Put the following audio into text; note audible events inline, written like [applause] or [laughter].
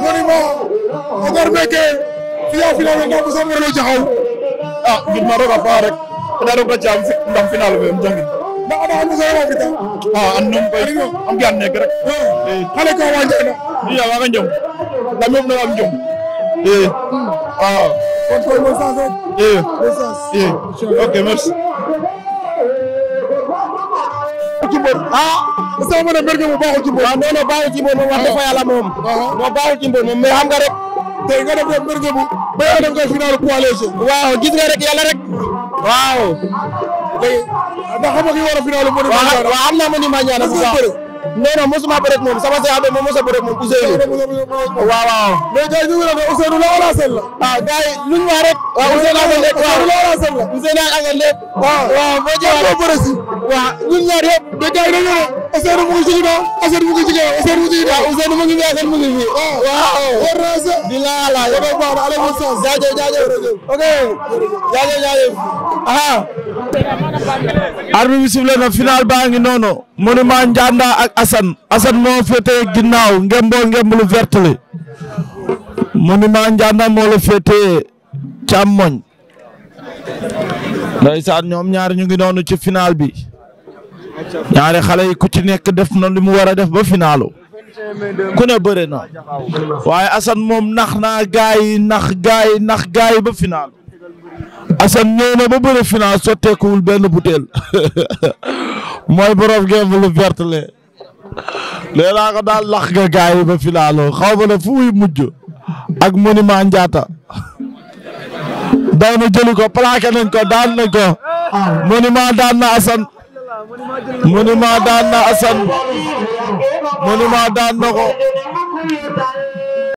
monument o gar meke fiya final o mbosa mbero jaxaw a gidma roog a paax rek xeɗa roog a jam ndam final fe um jangin nda anda a mosa waga fita a an num koy am gan neke rek xale ka wa njana iya waga njom lam yof naga am njom i a kon koy bo sens rek i ok merci ci mbër ah sama mën a mbër nga mu baaxul ci mbër waaw a na a ci mbër moom a dafa a moom moom ah. baaxul ci mbër moom mais xam nga rek tey nga a doon mbër nga mu ba yow dem nga rek yàlla rek waaw léegi a final mbër waaw am naa ma ni ma ñaan bu nee na mosuma bëre ak moom sama sëñ bi moom mos a bëre ak moom Ousseynou. waaw waaw. mais gars yi ñu ngi la ne Ousseynou la wala Sène la. ah gars yi luñ wax rek. waaw Ousseynou ak Sène la wala Sène la. Ousseynou ak Sène la. waaw waaw boo jëlee boo bëre si. waaw ñun ñaar yëpp. mais gars yi dañoo ne Ousseynou mu ngi ci ginnaaw Ousseynou mu ngi ci ginnaaw Ousseynou mu ngi ci ginnaaw Ousseynou mu ngi fi Sène mu ngi fi. waaw waaw. war naa se. di laa la yow baax na allez bonne chance. jaajëf jaajëf ok jaajëf jaajëf ah arbi bi sifle na baa ngi noonu monument Ndianda ak Assane Assane moo féetee ginnaaw ngemboo ngemb lu verte li monument Ndianda moo la féetee càmmoñ ndeysaan ñoom ñaari ñu ngi noonu ci final bi ñaari xale yi ku ci nekk def na li mu war a def ba finalu ku ne bëre waaye Assane moom nax naa gaay nax gaay yi nax gaay ba finalu Assane ñëw na ba bëri final sotteekuwul benn butéel [laughs] mooy borom ngeen lu verte le léegi naa ko daal lax nga gars yi ba finaaloo xaw ma ak monument Ndiatta daw na jëli ko plaqué nañ ko daan nañ ko monument daan na Assane monument daan na Assane monument daan na ko.